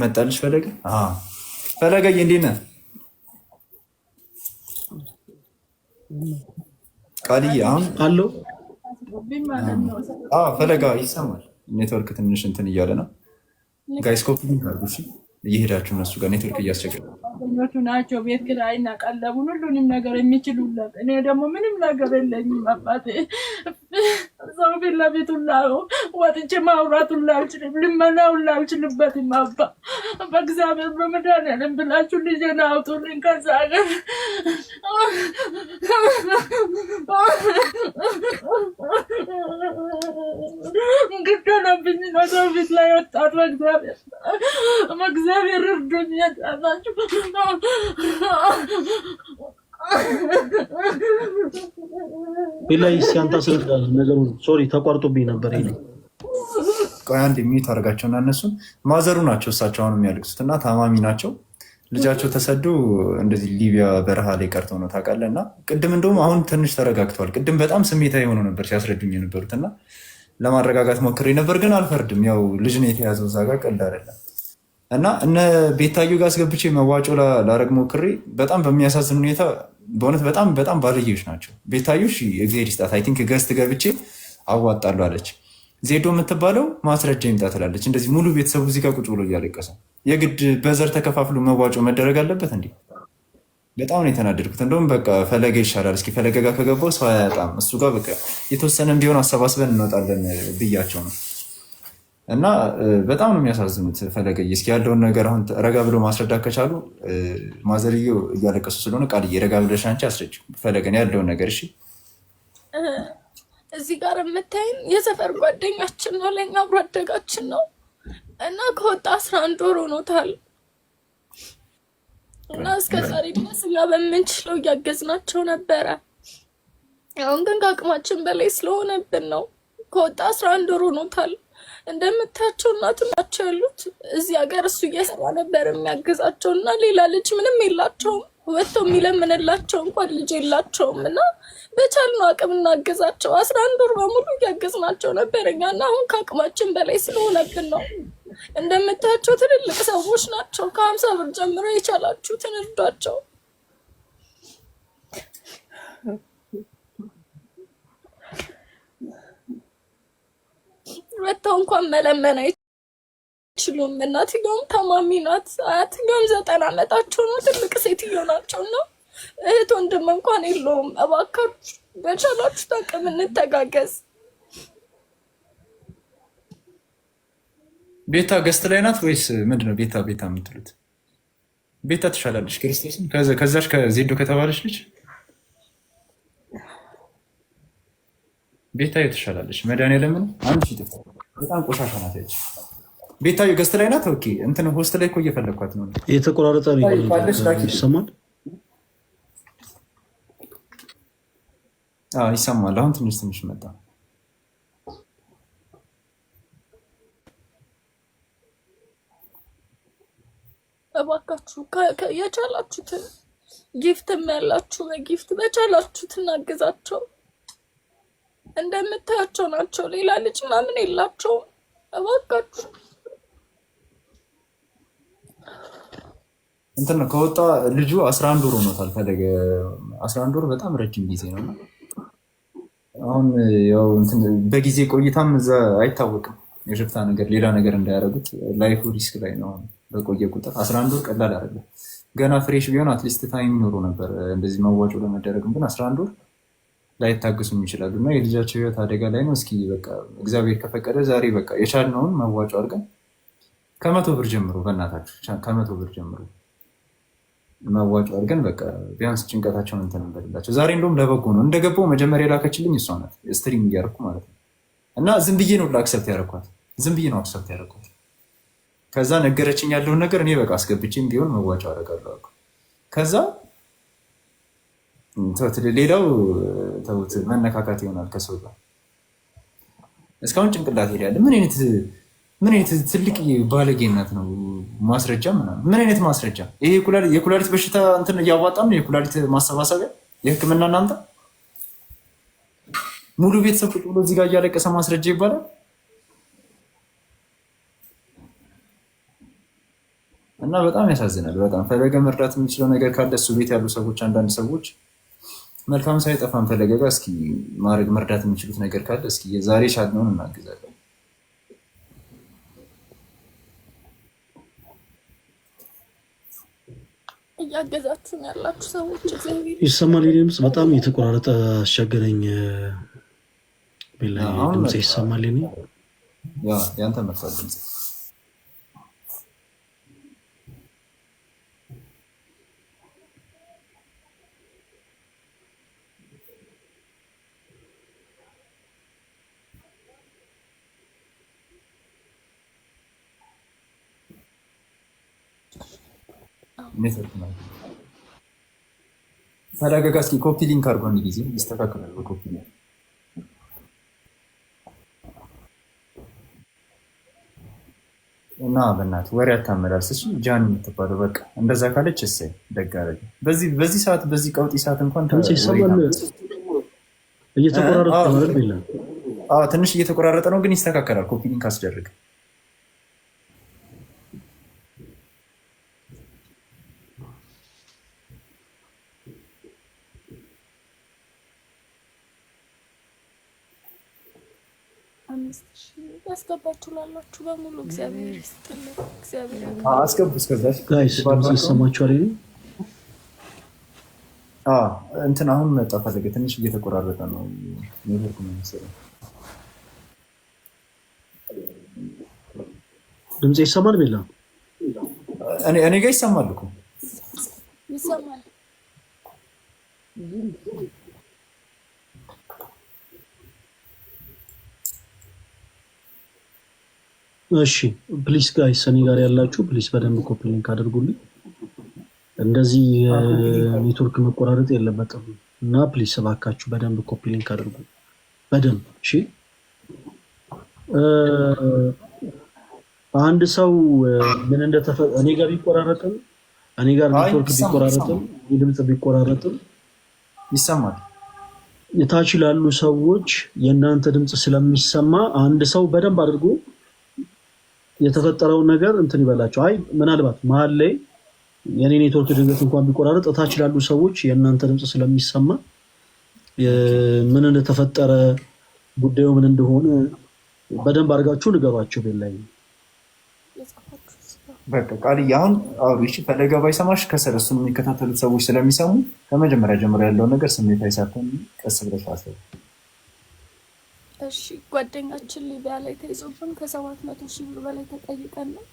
መጣልሽ ፈለገ ፈለገኝ፣ እንዴት ነህ? ቃልዬ አሁን አለው ፈለጋ ይሰማል። ኔትወርክ ትንሽ እንትን እያለ ነው። ጋይስኮፕ ኮፒ እየሄዳችሁ እነሱ ጋር ኔትወርክ እያስቸገረ ናቸው። ቤት ኪራይና ቀለቡን ሁሉንም ነገር የሚችሉለት እኔ ደግሞ ምንም ነገር የለኝም አባቴ ሰው ፊት ለፊት ሁላ ወጥቼ ማውራት ሁላ አልችልም። ልመና ሁላ አልችልበትም። አባ በእግዚአብሔር በመድኃኒዓለም ብላችሁ ልጄን አውጡልኝ ከዛ ሀገር። ግድ ሆነብኝ ነው ሰው ፊት ላይ ወጣት። በእግዚአብሔር በእግዚአብሔር እርዱኝ። የጫናችሁ ቢላይ ሲያንታ ስርዳል ነገሩ ሶሪ ተቋርጦብኝ ነበር። ይሄ ቆይ አንድ የሚዩት አድርጋቸውና እነሱ ማዘሩ ናቸው። እሳቸው አሁን የሚያለቅሱት እና ታማሚ ናቸው። ልጃቸው ተሰዱ እንደዚህ ሊቢያ በረሃ ላይ ቀርተው ነው ታውቃለህ። እና ቅድም እንደውም አሁን ትንሽ ተረጋግተዋል። ቅድም በጣም ስሜታዊ የሆኑ ነበር ሲያስረዱኝ የነበሩት እና ለማረጋጋት ሞክሬ ነበር፣ ግን አልፈርድም። ያው ልጅ ነው የተያዘው እዛ ጋር ቀልድ አይደለም። እና እነ ቤታዮ ጋር አስገብቼ መዋጮ ላረግ ሞክሬ በጣም በሚያሳዝን ሁኔታ በእውነት በጣም በጣም ባልዮች ናቸው። ቤታዮሽ እግዜር ይስጣት አይ ቲንክ ገዝት ገብቼ አዋጣሉ አለች። ዜዶ የምትባለው ማስረጃ ይምጣ ትላለች። እንደዚህ ሙሉ ቤተሰቡ እዚህ ጋር ቁጭ ብሎ እያለቀሰ የግድ በዘር ተከፋፍሎ መዋጮ መደረግ አለበት እንዴ? በጣም ነው የተናደድኩት። እንደውም በቃ ፈለገ ይሻላል። እስኪ ፈለገ ጋር ከገባው ሰው አያጣም። እሱ ጋር በቃ የተወሰነ ቢሆን አሰባስበን እንወጣለን ብያቸው ነው እና በጣም ነው የሚያሳዝኑት። ፈለገ እስኪ ያለውን ነገር አሁን ረጋ ብሎ ማስረዳት ከቻሉ ማዘርዮ እያለቀሱ ስለሆነ ቃልዬ ረጋ ብለሽ አንቺ አስረጅው ፈለገን ያለውን ነገር እሺ። እዚህ ጋር የምታይን የሰፈር ጓደኛችን ነው፣ ለእኛ አብሮ አደጋችን ነው እና ከወጣ አስራ አንድ ወር ሆኖታል እና እስከ ዛሬ ድረስ እኛ በምንችለው እያገዝናቸው ነበረ። አሁን ግን ከአቅማችን በላይ ስለሆነብን ነው ከወጣ አስራ አንድ ወር ሆኖታል። እንደምታቸው እናት ናቸው ያሉት። እዚህ ሀገር እሱ እየሰራ ነበር የሚያግዛቸው እና ሌላ ልጅ ምንም የላቸውም። ወጥቶ የሚለምንላቸው እንኳን ልጅ የላቸውም እና በቻልነው አቅም እናገዛቸው አስራ አንድ ወር በሙሉ እያገዝናቸው ነበር እኛ እና አሁን ከአቅማችን በላይ ስለሆነብን ነው። እንደምታቸው ትልልቅ ሰዎች ናቸው። ከሀምሳ ብር ጀምሮ የቻላችሁትን እርዷቸው። መተው እንኳን መለመን አይችሉም። እናትየውም ታማሚ ናት። አያትየውም ዘጠና ዓመታቸው ነው። ትልቅ ሴትዮ ናቸው ነው እህት ወንድም እንኳን የለውም። እባካችሁ በቻላችሁ ታቅም እንተጋገዝ። ቤታ ገስት ላይ ናት ወይስ ምንድን ነው? ቤታ ቤታ የምትሉት ቤታ ትሻላለች። ክርስቶስን ከዛች ከዜዶ ከተባለች ልጅ ቤታዩ ትሻላለች። መድኃኒዓለምን አንድ ሺህ ጥፍት በጣም ቆሻሻ ናት። ያች ቤታዩ ገስት ላይ ናት። ኦኬ እንትን ሆስት ላይ እኮ እየፈለግኳት ነው። የተቆራረጠ ይሰማል ይሰማል። አሁን ትንሽ ትንሽ መጣ። እባካችሁ የቻላችሁትን ጊፍትም ያላችሁ በጊፍት በቻላችሁ ትናግዛቸው እንደምታያቸው ናቸው። ሌላ ልጅ ምናምን የላቸውም። እባካችሁ እንትን ነው ከወጣ ልጁ አስራ አንድ ወር ሆኖታል። ፈለገ አስራ አንድ ወር በጣም ረጅም ጊዜ ነው። አሁን ያው በጊዜ ቆይታም እዛ አይታወቅም የሽፍታ ነገር ሌላ ነገር እንዳያደርጉት ላይፉ ሪስክ ላይ ነው። በቆየ ቁጥር አስራ አንድ ወር ቀላል አይደለም። ገና ፍሬሽ ቢሆን አትሊስት ታይም ኖሮ ነበር እንደዚህ መዋጮ ለመደረግም ግን አስራ አንድ ወር ላይታገሱም ይችላሉ እና የልጃቸው ህይወት አደጋ ላይ ነው። እስኪ በቃ እግዚአብሔር ከፈቀደ ዛሬ በቃ የቻልነውን መዋጮ አድርገን ከመቶ ብር ጀምሮ በእናታችሁ ከመቶ ብር ጀምሮ መዋጮ አድርገን በቃ ቢያንስ ጭንቀታቸውን እንትን እንበልላቸው። ዛሬ እንደውም ለበጎ ነው። እንደገባው መጀመሪያ የላከችልኝ እሷ ናት፣ ስትሪም እያደረኩ ማለት ነው። እና ዝም ብዬ ነው አክሰብት ያደረኳት፣ ዝም ብዬ ነው አክሰብት ያደረኳት። ከዛ ነገረችኝ ያለውን ነገር እኔ በቃ አስገብቼም ቢሆን መዋጮ አደርጋለሁ ከዛ ሌላው ተውት፣ መነካካት ይሆናል ከሰው ጋር እስካሁን ጭንቅላት ሄዳለ። ምን አይነት ምን አይነት ትልቅ ባለጌነት ነው! ማስረጃ ምናምን ምን አይነት ማስረጃ! ይሄ የኩላሊት በሽታ እንትን እያዋጣም ነው። የኩላሊት ማሰባሰቢያ የህክምና እናንተ ሙሉ ቤተሰብ ቁጭ ብሎ እዚህ ጋር እያለቀሰ ማስረጃ ይባላል። እና በጣም ያሳዝናል። በጣም ፈለገ መርዳት የምንችለው ነገር ካለ እሱ ቤት ያሉ ሰዎች አንዳንድ ሰዎች መልካም ሳይጠፋን ፈለገጋ እስኪ ማድረግ መርዳት የሚችሉት ነገር ካለ እስኪ የዛሬ ሻልነውን እናግዛለን። እያገዛችሁ ያላችሁ ሰዎች ይሰማል። ድምፅ በጣም የተቆራረጠ አስቸገረኝ። ድምፅ ይሰማል። ያንተ መርሳል ድምፅ ኔትወርክ ማለት ነው። ተረጋጋ እስኪ። ኮፒ ሊንክ አድርጎ አንድ ጊዜ ይስተካከላል። በኮፒ ሊንክ እና በእናትህ ወሬ አታመላልስ። ጃን የምትባለው በቃ እንደዛ ካለች እሰይ ደግ አደረገ። በዚህ ሰዓት በዚህ ቀውጢ ሰዓት እንኳን ትንሽ እየተቆራረጠ ነው፣ ግን ይስተካከላል። ኮፒ ሊንክ አስደርግ አምስት ሺህ ያስገባችሁ ላላችሁ በሙሉ እግዚአብሔር ይስጥልን። እንትን አሁን መጣ ፈለገ ትንሽ እየተቆራረጠ ነው። ኔትወርክ ነው መሰለኝ። ድምፅ ይሰማል። ቤላ እኔ ጋር ይሰማል እኮ ይሰማል። እሺ ፕሊስ ጋይስ እኔ ጋር ያላችሁ ፕሊስ በደንብ ኮፒ ሊንክ አድርጉልኝ። እንደዚህ የኔትወርክ መቆራረጥ የለበትም እና ፕሊስ እባካችሁ በደንብ ኮፒ ሊንክ አድርጉ በደንብ እሺ። አንድ ሰው ምን እንደተፈ እኔ ጋር ቢቆራረጥም እኔ ጋር ኔትወርክ ቢቆራረጥም ድምፅ ቢቆራረጥም ይሰማል። የታች ላሉ ሰዎች የእናንተ ድምፅ ስለሚሰማ አንድ ሰው በደንብ አድርጎ የተፈጠረውን ነገር እንትን ይበላቸው። አይ ምናልባት መሀል ላይ የኔ ኔትወርክ ድንገት እንኳን ቢቆራረጥ እታች ላሉ ሰዎች የእናንተ ድምፅ ስለሚሰማ ምን እንደተፈጠረ ጉዳዩ ምን እንደሆነ በደንብ አድርጋችሁ ንገሯቸው። ላይ በቃል አሁን አውሪሽ ፈለጋ ባይሰማሽ ከሰር እሱን የሚከታተሉት ሰዎች ስለሚሰሙ ከመጀመሪያ ጀምሮ ያለውን ነገር ስሜት አይሳተን ቀስ ብለሽ እሺ ጓደኛችን ሊቢያ ላይ ተይዞብን ከሰባት መቶ ሺህ ብር በላይ ተጠይቀን ነው።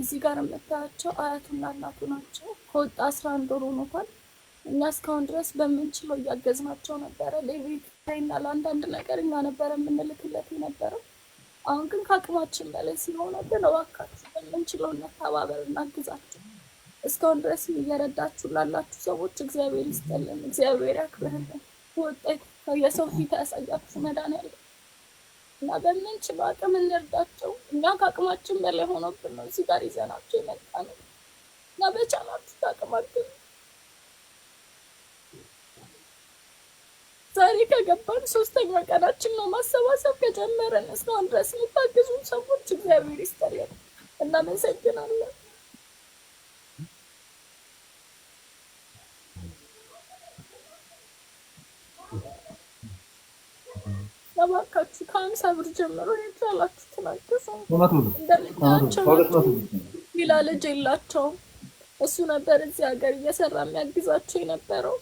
እዚህ ጋር የምታያቸው አያቱና እናቱ ናቸው። ከወጣ አስራ አንድ ወር ሆኖታል። እኛ እስካሁን ድረስ በምንችለው እያገዝናቸው ነበረ። ለቤት ታይና ለአንዳንድ ነገር እኛ ነበረ የምንልክለት የነበረው። አሁን ግን ከአቅማችን በላይ ሲሆነብን እባካችሁ በምንችለው እንተባበር፣ እናግዛቸው። እስካሁን ድረስ እየረዳችሁ ላላችሁ ሰዎች እግዚአብሔር ይስጠልን፣ እግዚአብሔር ያክብርልን። ወጣ የሰው ፊት ያሳያችሁ መድኃኒዓለም እና በምንችል አቅም እንርዳቸው። እኛ ከአቅማችን በላይ ሆኖብን ነው እዚህ ጋር ይዘናቸው የመጣ ነው እና በቻላችሁ አቅማችን ዛሬ ከገባን ሶስተኛ ቀናችን ነው። ማሰባሰብ ከጀመረን እስካሁን ድረስ የምታግዙን ሰዎች እግዚአብሔር ይስጥልን። እናመሰግናለን። እባካችሁ ከሀምሳ ብር ጀምሮ ሌላ ልጅ የላቸውም። እሱ ነበር እዚህ ሀገር እየሰራ የሚያግዛቸው የነበረው።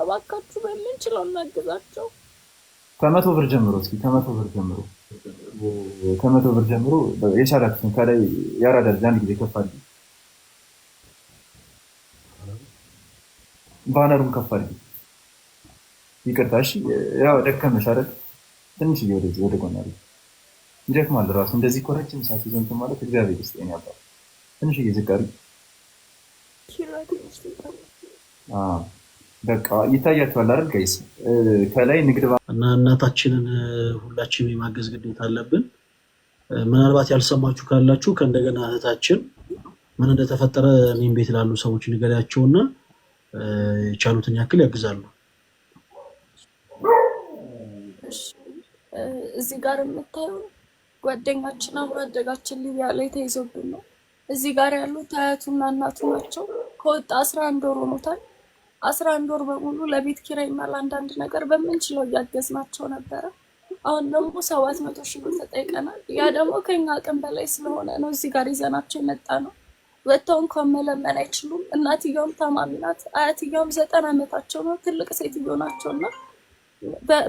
እባካችሁ በምንችለው እናግዛቸው። ከመቶ ብር ጀምሮ እስኪ ከመቶ ብር ጀምሮ ከመቶ ብር ጀምሮ የቻላችሁትን ከላይ አንድ ጊዜ ከፋል ባነሩን ከፋል። ይቅርታ ያው ደከመሽ አይደል ትንሽ ወደዚህ ወደ ጎን አድርግ። ይደክማል ራሱ እንደዚህ እኮ ረጅም ሰዓት ይዞ እንትን ማለት እግዚአብሔር ይስጠኝ አባት። ትንሽዬ ዝቅ አድርግ። በቃ ይታያቸዋል አይደል ጋይስ? ከላይ ንግድ እና እናታችንን ሁላችንም የማገዝ ግዴታ አለብን። ምናልባት ያልሰማችሁ ካላችሁ ከእንደገና እህታችን ምን እንደተፈጠረ እኔም ቤት ላሉ ሰዎች ንገሪያቸውና የቻሉትን ያክል ያግዛሉ። እዚህ ጋር የምታየው ጓደኛችን አብሮ አደጋችን ሊቢያ ላይ ተይዞብን ነው። እዚህ ጋር ያሉት አያቱና እናቱ ናቸው። ከወጣ አስራ አንድ ወር ሆኖታል። አስራ አንድ ወር በሙሉ ለቤት ኪራይና ለአንዳንድ ነገር በምንችለው እያገዝናቸው ነበረ። አሁን ደግሞ ሰባት መቶ ሺህ ብር ተጠይቀናል። ያ ደግሞ ከኛ አቅም በላይ ስለሆነ ነው እዚህ ጋር ይዘናቸው የመጣ ነው። ወጥተው እንኳን መለመን አይችሉም። እናትየውም ታማሚ ናት። አያትየውም ዘጠና ዓመታቸው ነው። ትልቅ ሴትዮ ናቸውና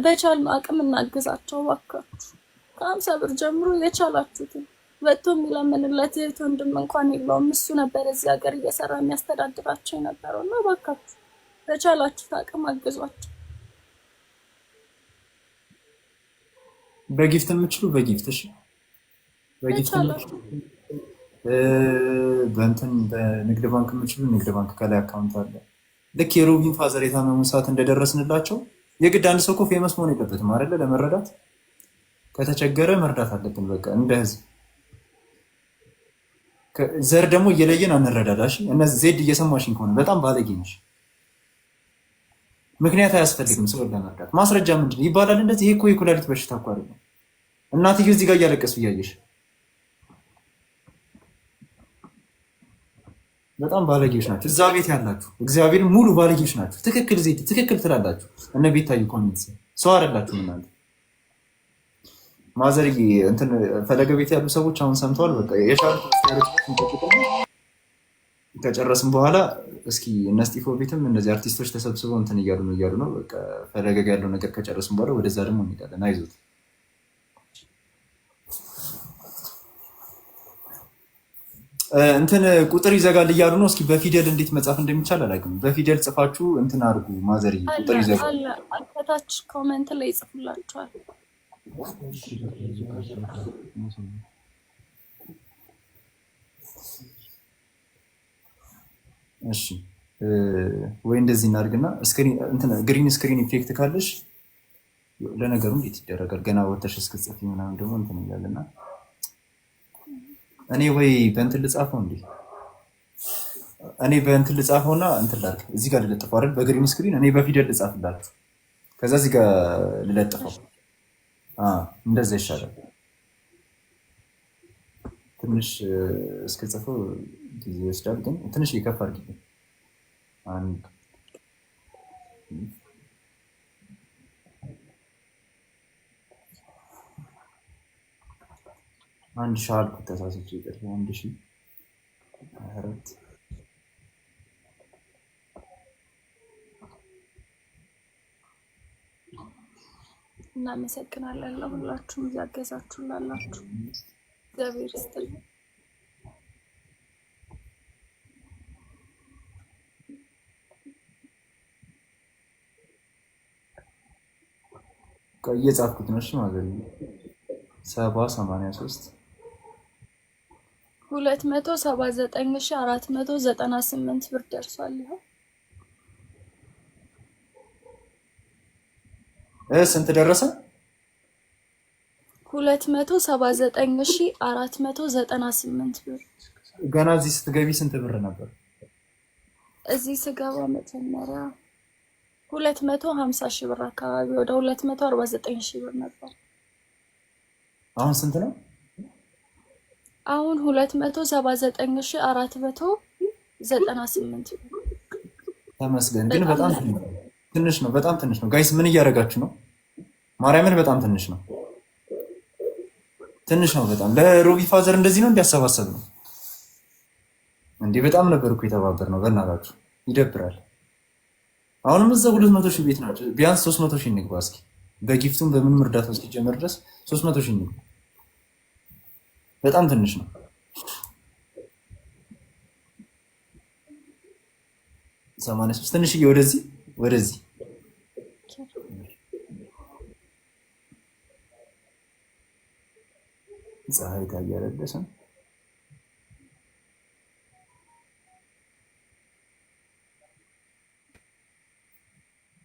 በቻል አቅም እናግዛቸው እባካችሁ። ከአምሳ ብር ጀምሮ የቻላችሁትን ወጥቶ የሚለምንለት እህት ወንድም እንኳን የለውም። እሱ ነበር እዚህ ሀገር እየሰራ የሚያስተዳድራቸው የነበረው እና እባካችሁ በቻላችሁት አቅም አግዟቸው። በጊፍት የምችሉ በጊፍት እሺ፣ በጊፍት በእንትን በንግድ ባንክ የምችሉ ንግድ ባንክ ከላይ አካውንት አለ። ልክ የሮቢን ፋዘር የታመሙ ሰዓት እንደደረስንላቸው የግድ አንድ ሰው እኮ ፌመስ መሆን የለበትም አይደለ? ለመረዳት ከተቸገረ መርዳት አለብን። በቃ እንደ ህዝብ ዘር ደግሞ እየለየን አንረዳዳሽ። እነዚህ ዜድ እየሰማሽኝ ከሆነ በጣም ባለጌ ነሽ። ምክንያት አያስፈልግም ሰው ለመርዳት ማስረጃ ምንድን ይባላል እንደዚህ። ይሄ እኮ የኩላሊት በሽታ እኮ አይደለም። እናትዬ እዚህ ጋር እያለቀሱ እያየሽ በጣም ባለጌዎች ናቸው። እዛ ቤት ያላችሁ እግዚአብሔር ሙሉ ባለጌዎች ናቸው። ትክክል ዜ ትክክል ትላላችሁ። እነ ቤታዩ ኮሚኒቲ ሰው አይደላችሁ ምናለ ማዘር እንትን ፈለገ ቤት ያሉ ሰዎች አሁን ሰምተዋል። በቃ ከጨረስም በኋላ እስኪ እነ ቤትም እነዚህ አርቲስቶች ተሰብስበው እንትን እያሉ ነው እያሉ ነው። በቃ ፈለገ ያለው ነገር ከጨረስም በኋላ ወደዛ ደግሞ እንሄዳለን። አይዞት እንትን ቁጥር ይዘጋል እያሉ ነው። እስኪ በፊደል እንዴት መጻፍ እንደሚቻል አላውቅም። በፊደል ጽፋችሁ እንትን አድርጉ። ማዘር ቁጥር ይዘጋል አልከታች ኮመንት ላይ ይጽፉላችኋል። እሺ ወይ እንደዚህ እናድርግና ግሪን ስክሪን ኢፌክት ካለሽ ለነገሩ እንዴት ይደረጋል? ገና ወተሽ እስክጽፍ ምናምን ደግሞ እንትን እያለና እኔ ወይ በእንትን ልጻፈው እንዴ? እኔ በእንትን ልጻፈውና እንትን ላድርግ። እዚህ ጋር ልለጥፈው አይደል? በግሪን ስክሪን እኔ በፊደል ልጻፍላት፣ ከዛ እዚህ ጋር ልለጥፈው። እንደዛ ይሻላል። ትንሽ እስከጽፈው ጊዜ ይወስዳል፣ ግን ትንሽ የከፍ አድርጊ አንድ አንድ ሺህ አልኩት ተሳስቼ፣ ይቅርታ አንድ ሺህ አራት እናመሰግናለን። ለሁላችሁም እያገዛችሁ ላላችሁ እግዚአብሔር ይስጥልን። እየጻፍኩት ነው። እሺ ማለት ሰባ ሰማንያ ሶስት ሁለት መቶ ሰባ ዘጠኝ ሺ አራት መቶ ዘጠና ስምንት ብር ደርሷል። ይኸው ስንት ደረሰ? ሁለት መቶ ሰባ ዘጠኝ ሺ አራት መቶ ዘጠና ስምንት ብር። ገና እዚህ ስትገቢ ስንት ብር ነበር? እዚህ ስገባ መጀመሪያ ሁለት መቶ ሀምሳ ሺ ብር አካባቢ ወደ ሁለት መቶ አርባ ዘጠኝ ሺ ብር ነበር። አሁን ስንት ነው? አሁን ሁለት መቶ ሰባ ዘጠኝ ሺ አራት መቶ ዘጠና ስምንት ተመስገን። ግን በጣም ትንሽ ነው፣ በጣም ትንሽ ነው። ጋይስ ምን እያደረጋችሁ ነው? ማርያምን በጣም ትንሽ ነው፣ ትንሽ ነው በጣም ለሮቢ ፋዘር እንደዚህ ነው እንዲያሰባሰብ ነው እንዴ? በጣም ነበር እኮ የተባበር ነው። በእናታችሁ ይደብራል። አሁንም እዛ ሁለት መቶ ሺህ ቤት ናቸው። ቢያንስ ሶስት መቶ ሺህ እንግባ እስኪ በጊፍቱም በምንም እርዳታ እስኪጀመር ድረስ ሶስት መቶ ሺህ እንግባ በጣም ትንሽ ነው። ሰማንያ ትንሽዬ ወደዚህ ወደዚህ ፀሐይ ታያለደሰ